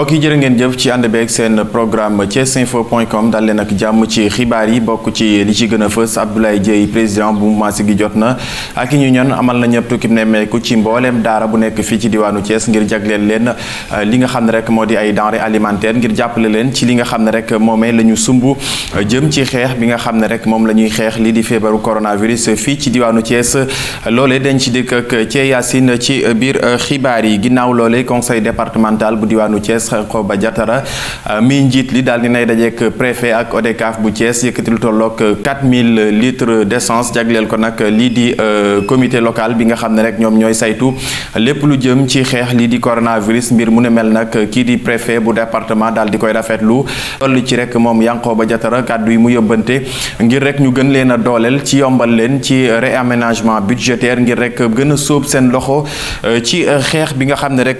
mbokk yi jërë ngeen jëf ci ànd beeg seen programme thiesinfo.com dal leen ak jàmm ci xibaar yi bokk ci li ci gën a fës Abdoulaye Dieye président bu mouvement Siggi jot na ak i ñu ñoon amal na ñëpp tukki nemmeeku ci mbooleem daara bu nekk fii ci diwaanu Thiès ngir jagleel leen euh, li nga xam ne rek moo di ay denrées alimentaire ngir jàppale leen ci li nga xam ne rek moomee la ñu sumb euh, jëm ci xeex bi nga xam ne rek moom la ñuy xeex lii di feebaru coronavirus fii ci diwaanu Thiès loolee dañ ci dikk ak Thié Yacine ci biir euh, xibaar yi ginnaaw loolee conseil départemental bu diwaanu Thiès Yankhoba Diattara euh, mi njiit li daal di nay dajeek préfet ak ODCAV bu Thiès yëkkati lu tolloog 4000 euh, litres d'essence jagleel ko nag euh, lii di comité local bi nga xam ne rek ñoom ñooy saytu lépp lu jëm ci xeex lii di coronavirus mbir mu ne mel nag kii di préfet bu departement daal di koy rafetlu toll ci rek moom ba Diattara kàddu yi mu yóbbante ngir rek ñu gën leen a dooleel ci yombal leen ci réaménagement budgétaire ngir rek gën a soob seen loxo ci bi nga xam ne rek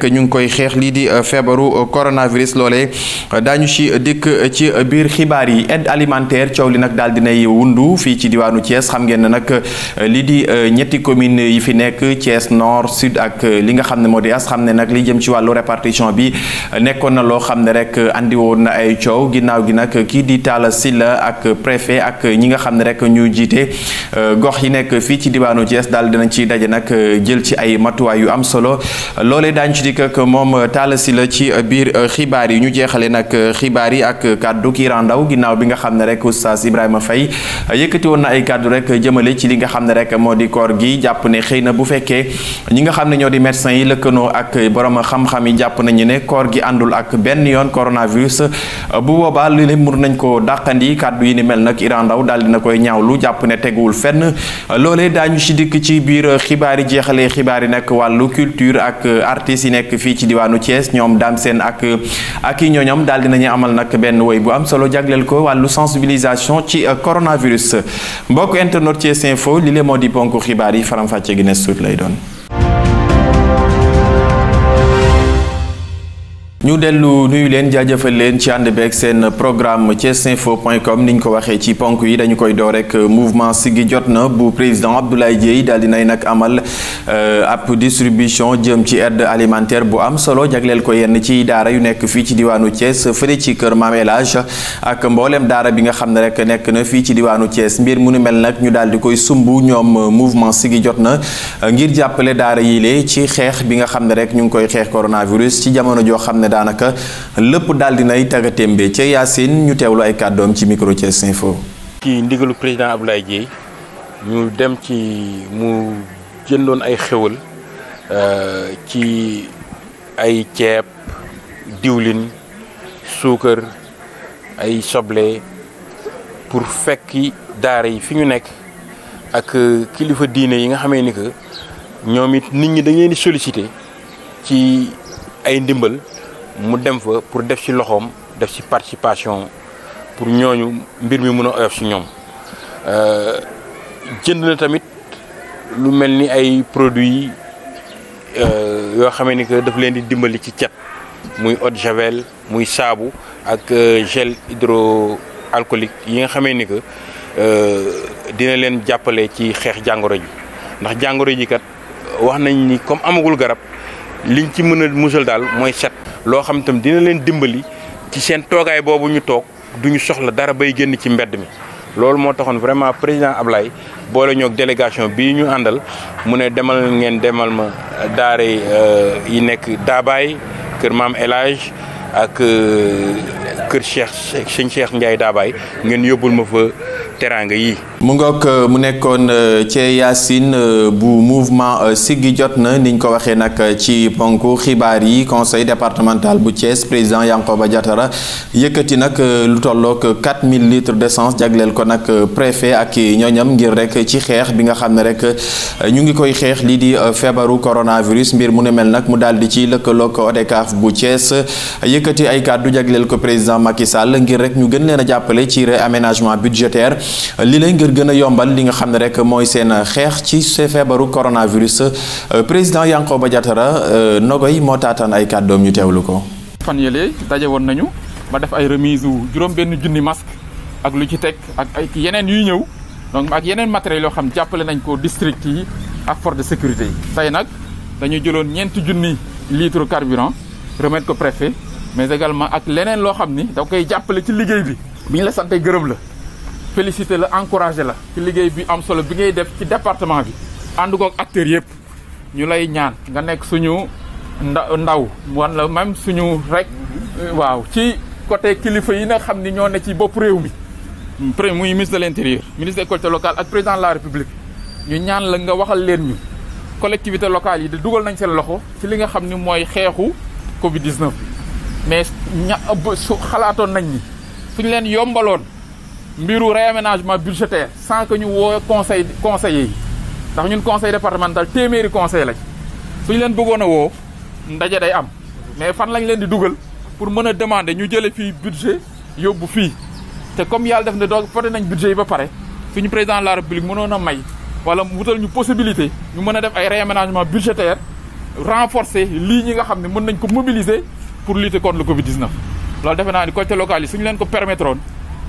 coronavirus loolee daañu ci dikk ci biir xibaar yi aide alimentaire coow li nag daal dinay wundu fii ci diwaanu cees xam ngeen ne nag euh, lii di euh, ñetti commune yi fi nekk Thiès nord sud ak euh, li nga xam ne moo di as xam ne nag li jëm ci wàllu répartition bi nekkoon na loo xam ne rek andi woon na ay coow ginnaaw gi nag kii di Talla Sylla ak préfet ak ñi nga xam ne rek ñu jiite gox yi nekk fii ci diwaanu Thiès daal dinañ ci daje nag jël ci ay matuwaay yu am solo loolee biir euh, xibaar yi ñu jeexale nag euh, xibaar yi ak euh, kàddu Kira Ndaw ginnaaw bi nga xam ne rek oustaz Ibrahima Faye yëkkati woon na ay kaddu rek jëmale ci li nga xam ne rek moo di koor gi jàpp ne xëy na bu fekkee ñi nga xam ne ñoo di médecins yi lëkkanoo ak borom xam-xam yi jàpp nañu ne koor gi àndul ak benn yoon coronavirus bu boobaa li leen mur nañ ko dàqandi kàddu yi ne mel nag irandaw Ndaw daal dina koy ñaawlu jàpp ne teguwul fenn loolee daañu ci dikk ci biir xibaar yi jeexalee xibaar yi ak artistes yi ak ak i ñooñam daal dinañu amal nag benn woy bu am solo jagleel ko wàllu sensibilisation ci euh, coronavirus mbokk internet ci info li lee moo di ponk xibaar yi faram-fàcce suut lay doon ñu dellu nuyu leen jaajëfal leen ci ànd beeg seen programme thiesinfo.com ni ñu ko waxee ci ponk yi dañu koy doo rek mouvement Siggi jot na bu président Abdoulaye Dièye daal di nay nag amal euh, ab distribution jëm ci aide alimentaire bu am solo jagleel ko yenn ci daara yu nekk fii ci diwaanu Thiès fële ci kër Maam ak mboolem daara bi nga xam ne rek nekk na fii ci diwaanu Thiès mbir mu nu mel nag ñu daal di koy sumb ñoom mouvement Siggi jot na ngir jàppale daara yi ci xeex bi nga xam ne rek ñu ngi koy xeex coronavirus ci jamono joo xam ne daanaka lépp daal dinay tagatémbe ca Yacine ñu teewlu ay kàddoom ci micro Thiès Info. ci ndigalu président lay Dièye ñu dem ci mu jëndoon ay xéwal euh, ci ay ceeb diwlin suukar ay soble pour fekki daara yi fi ñu nekk ak kilifa diine yi nga xamee ni que ñoom it nit ñi dañu leen di ci ay ndimbal mu dem fa pour def ci loxoom def si participation pour ñooñu mbir mi mun a oyof si ñoom euh, jënd na tamit lu mel ni ay produits euh, yoo xamee ni que daf leen di dimbali ci cet muy eau muy saabu ak euh, gel hydroalcoolique yi nga xamee ni que dina leen jàppale ci xeex jàngoro ji ndax jàngoro ji kat wax nañ ni comme amagul garab liñ ci mën a musal daal mooy set. loo xam tam dina leen dimbali ci seen toogaay boobu ñu toog du ñu soxla dara bay génn ci mbedd mi. loolu moo taxoon vraiment président Ablaye boole ñoog délégation bii ñu àndal mu ne demal ngeen demal ma daare euh, yi nekk Daabaay kër maam El Hadj ak euh, kër Cheikh sëñ Cheikh Ndiaye Daabaay ngeen yóbbul ma fa. teraanga yi. mu ngoog euh, mu nekkoon Thie euh, Yacine euh, bu mouvement Siggi jot na niñ ko waxee nag ci ponk xibaar yi conseil départemental bu Thiès président Yankoba Diatara yëkkati nag lu tolloog litre litres d'essence jagleel ko nag préfet ak ñooñam ngir rek ci xeex bi nga xam ne rek ñu ngi koy xeex lii di feebaru coronavirus mbir mu ne mel nag mu daal di ci ko ODCAV bu Thiès yëkkati ay kàddu jagleel ko président Macky Sall ngir rek ñu gën leen a jàppale ci réaménagement budgétaire li lay ngir gën a yombal li nga xam ne rek mooy seen xeex ci se feebaru coronavirus euh, président Yankhoba Diattara euh, Nogoy moo taataan ay kàddoom ñu teewlu ko. fan yële daje woon nañu ba def ay remise wu juróom benn junni masque ak lu ci teg ak ay yeneen yuy ñëw donc ak yeneen matériels yoo xam jàppale nañ ko district yi ak force de sécurité yi. tey nag dañu jëloon ñeenti junni litre carburant remettre ko préfet mais également ak leneen loo xam ni da koy jàppale ci liggéey bi. bi ñu la sante gërëm la. félicité la encouragé la ci liggéey bi am solo bi ngay def ci département bi ànd koog acteurs yëpp ñu lay ñaan nga nekk suñu nda ndaw wala même suñu rek waaw ci côté kilifa yi nga xam ni ñoo ne ci bopp réew mi premier muy ministre de l'intérieur ministre des collectivités ak président la république ñu ñaan la nga waxal leen ñu collectivité locale yi di dugal nañ seen loxo ci li nga xam ni mooy xeexu covid 19 mais ña su xalaatoon nañ ni suñu leen yombaloon mbiru réaménagement budgétaire sans que ñu woo conseil conseil yi ndax ñun conseil départemental téeméeri conseil lañ suñu leen bëggoon a woo ndaje day am mais fan lañu leen di dugal pour mën a demander ñu jëlee fii budget yóbbu fii te comme yàlla def na doog voté nañ budget yi ba pare fu ñu président de la république mënoon a may wala wutal ñu possibilité ñu mën a def ay réaménagement budgétaire renforcer lii ñi nga xam ne mën nañ ko mobiliser pour lutter contre le Covid 19. loolu defe ni côté local yi suñu leen ko permettre woon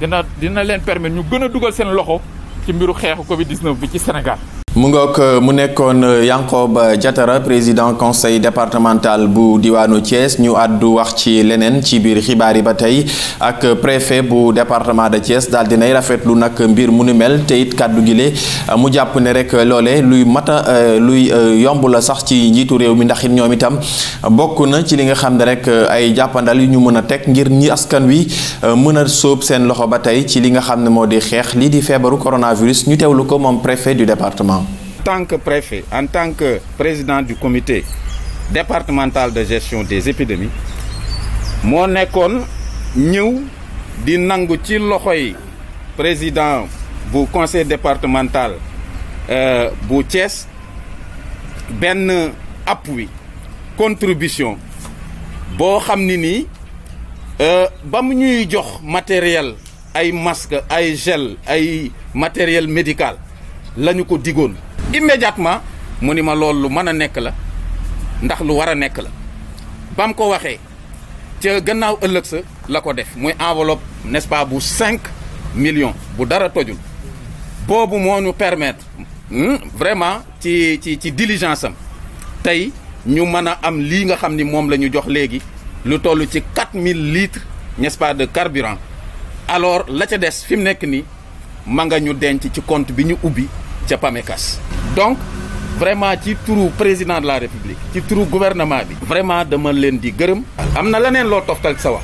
dina dina leen permettre ñu gën a dugal seen loxo ci mbiru xeexu Covid 19 bi ci Sénégal. mu ngoog euh, mu nekkoon euh, ba jatara président conseil départemental bu diwaanu Thiès ñu àddu wax ci leneen ci biir xibaar yi ba tey ak préfet bu departement de Thiès daal dinay rafetlu nag mbir mu nu mel te it kàddu gi mu jàpp ne rek loole luy mata euh, luy yomb la sax ci njiitu réew mi ndax it ñoom itam bokk na ci li nga xam ne rek ay jàppandal yu ñu mën a teg ngir ñi askan wi mën a soob seen loxo ba tey ci li nga xam ne moo di xeex lii di feebaru coronavirus ñu teewlu ko moom préfet du département tant que préfet en tant que président du comité départemental de gestion des épidémies moo nekkoon ñëw di nangu ci loxoy président bu conseil départemental euh, bu Thiès benn appui contribution boo xam ni nii euh, ba mu ñuy jox matériel ay masque ay gel ay matériel médical la ñu ko diggoon immédiatement mu ni ma loolu lu mën a nekk la ndax lu war a nekk la ba mu ko waxee ca gannaaw ëllëg sa la ko def muy enveloppe nest bu cinq millions bu dara tojul boobu moo nu permettre hmm, vraiment ci ci ci diligence am tey ñu mën a am lii nga xam ni moom la ñu jox léegi lu toll ci quatre mille litres nest de carburant alors la ca des fi mu nekk nii ma nga ñu denc ci compte bi ñu ubbi ca PAMECAS donc vraiment ci turu président de la république ci turu gouvernement bi vraiment dama leen di gërëm am na leneen loo toftal sa wax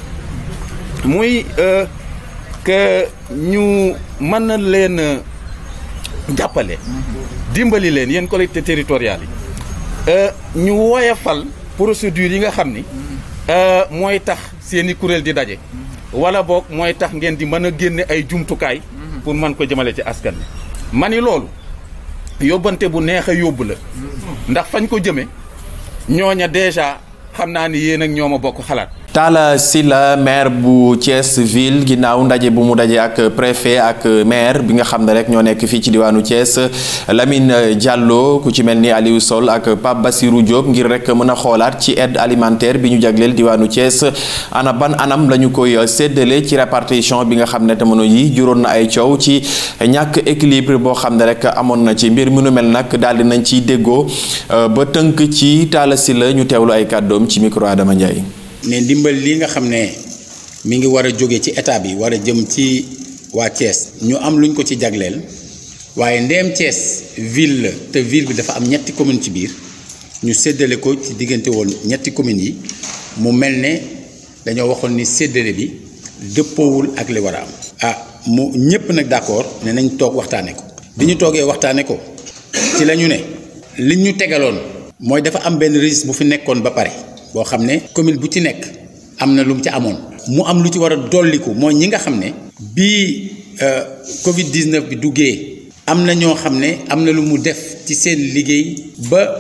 muy euh, que ñu mën na leen euh, jàppale dimbali leen yéen collectivités territoriales yi euh, ñu woyefal procédures yi nga xam ni mooy tax seeni kuréel di daje wala boog mooy tax ngeen di mën a génne ay jumtukaay pour mën ko jëmale ci askan bi ma ni loolu yóbbante bu neex a yóbbu la hmm. ndax fañ ko jëme ña déjà xam naa ni yéen ak ñoo ma bokk xalaat Talla Sylla maire bu Thiès ville ginnaaw ndaje bu mu dajee ak préfet ak maire bi nga xam ne rek ñoo nekk fii ci diwaanu Thiès Lamine Diallo ku ci mel ni Aliou Sol ak Pape Bassirou Diop ngir rek mën a xoolaat ci aide alimentaire bi ñu jagleel diwaanu Thiès ana ban anam la ñu koy séddale ci répartition bi nga xam ne jamono yi juróon na ay coow ci ñàkk équilibre boo xam ne rek amoon na ci mbir mi nu mel nag daal di nañ ciy déggoo ba tënk ci Talla Sylla ñu teewlu ay kàddoom ci micro Adama ne ndimbal li nga xam ne mi ngi war a jóge ci état bi war a jëm ci waa Thiès ñu am luñ ko ci jagleel waaye ndeem Thiès ville la te ville bi dafa am ñetti commune ci biir ñu séddale ko ci diggante woon ñetti communes yi mu mel ne dañoo waxoon ni séddale bi dëppoowul ak li war a am. ah mu ñëpp nag d'accord ne nañ toog waxtaane ko. bi ñu toogee waxtaane ko ci la ñu ne. li ñu tegaloon. mooy dafa am benn registre bu fi nekkoon ba pare. boo xam ne commune bu ci nekk am na lu mu ci amoon mu am lu ci war a dolliku mooy ñi nga xam ne bii euh, Covid 19 bi duggee am na ñoo xam ne am na lu mu def ci seen liggéey ba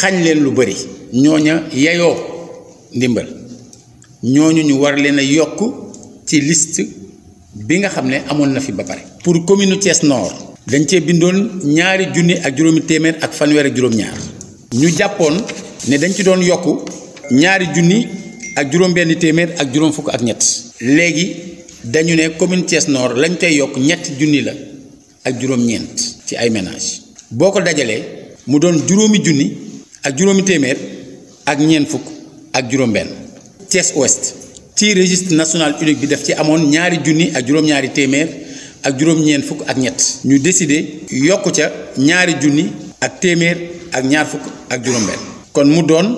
xañ leen lu bëri ñooña yayoo ndimbal ñooñu ñu war leen a yokk ci list bi nga xam ne amoon na fi ba pare. pour commune Thiès noor dañ cee bindoon ñaari junni ak juróomi téeméer ak fanweer ak juróom-ñaar. ñu jàppoon. ne dañ ci doon yokku ñaari junni ak juróom-benn téeméer ak juróom fukk ak ñett léegi dañu ne commune Thiès noor lañ tey yokk ñetti junni la ak juróom-ñeent ci ay ménage boo ko dajalee mu doon juróomi junni ak juróomi téeméer ak ñeent fukk ak juróom-benn ci registre national unique bi def ci amoon ñaari junni ak juróom-ñaari téeméer ak juróom-ñeent fukk ak ñett ñu décidé yokku ca ñaari junni ak téeméer ak ñaar fukk ak juróom-benn kon mu doon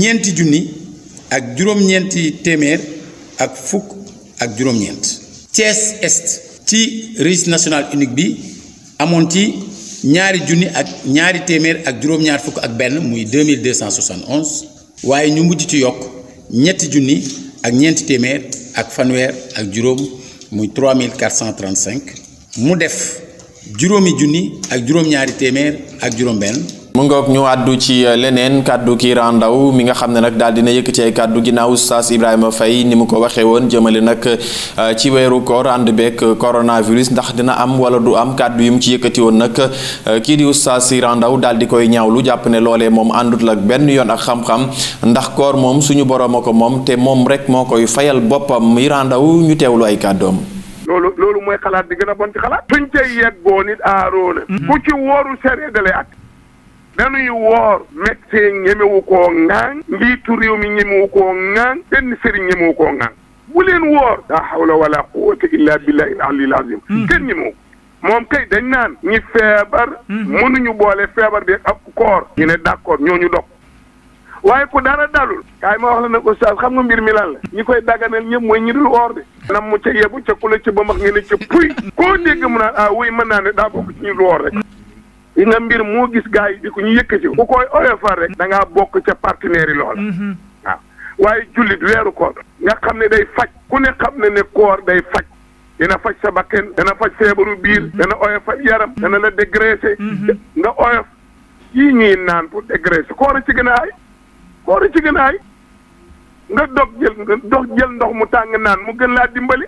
ñeenti junni ak juróom-ñeenti téeméer ak fukk ak juróom-ñeent Thiès Est ci registre national unique bi amoon ci ñaari junni ak ñaari téeméer ak juróom-ñaar fukk ak benn muy 2271 waaye ñu mujj ci yokk ñetti junni ak ñeenti téeméer ak fanweer ak juróom muy 3435 mu def juróomi junni ak juróom-ñaari téeméer ak juróom-benn mu ngoog ñu àddu ci euh, leneen kàddu ki randaw mi nga xam ne nag daal dina yëkkati ay kàddu ginnaaw Oustaz Ibrahima Faye ni mu ko waxee woon jëmale nag euh, ci weeru koor ànd beeg coronavirus ndax dina am wala du am kàddu yu mu ci yëkkati woon nag euh, kii di Oustaz si randaw daal di koy ñaawlu jàpp ne loole moom àndut la benn yoon ak xam-xam ndax koor moom suñu borom a ko moom te moom rek moo koy fayal boppam i randaw ñu teewlu ay kàddoom. dañuy woor médecin ñemewu koo ŋaaŋ njiitu réew mi ñemewu koo ŋaaŋ benn sëriñ ñemewu koo ŋaaŋ bu leen woor laa hawla wala quwwata illa billahi al-aliyyil azim hmm. kenn ñemewu moom kay dañ naan ñi feebar hmm. mënuñu boole feebar bi ak koor ñu ne d'accord ñooñu dog waaye ku dara dalul kaay ma wax la nag oustaz xam nga mbir mi lan la ñi koy daganal ñëpp mooy ñi dul woor de nam mu ca yebu ca ku la ca ba max nga ne ca puy koo dégg mu naan ah wuy mën naa ne daa bokk ci ñu dul woor rek li nga mbir moo gis gaa yi di ko ñu yëkkati ku koy oyofal rek da bokk ca partenaire yi loola mhm. waaw waaye jullit weeru koor nga xam ne day faj ku ne xam ne ne koor day faj dina faj sa bakken dana faj feebaru biir mhm. dana oyofal yaram dana la dégraisser mhm. nga oyof yii ñuy naan pour dégraisser koor a ci gën a ay koor a ci gën a ay nga dog jël nga jël ndox mu tàng naan mu gën laa dimbali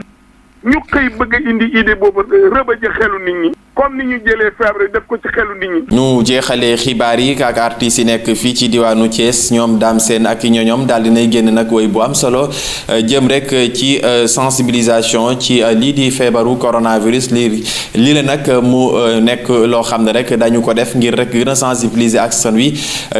ñu xëy bëgg indi idée boobu rëbëj xelu nit ñi comme li ñu jëlee feebar def ko ci xelu nit ñi. ñu jeexalee xibaar yi ak artistes yi nekk fii ci diwaanu Thiès ñoom Dame Sène ak i ñoñoom daal dinay génn nag woy bu am solo euh, jëm rek ci euh, sensibilisation ci euh, lii di feebaru coronavirus lii lii la nag mu nekk loo xam ne rek dañu ko def ngir rek gën a sensibiliser ak askan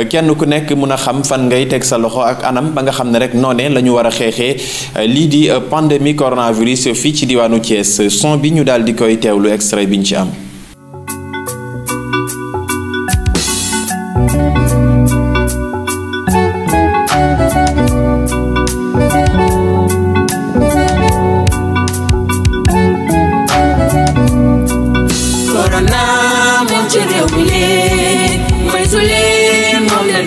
kenn ku nekk mun a xam fan ngay teg sa loxo ak anam ba nga xam ne rek noonee la ñu war a xeexee lii di pandémie coronavirus fii ci diwaanu Thiès son bi ñu daal di koy teewlu extrait bi ñu ci am.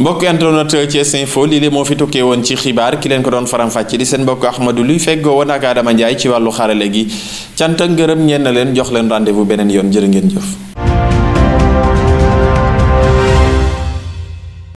mbokk internet Thiès Info lii de moo fi tukkee woon ci xibaar ki leen ko doon faram-fàcce di seen mbokk Ahmadou luy feggoo woon ak Adama Ndiaye ci wàllu xarale gi cant ak ngërëm ñeen na leen jox leen rendez-vous beneen yoon jërë ngeen jëf.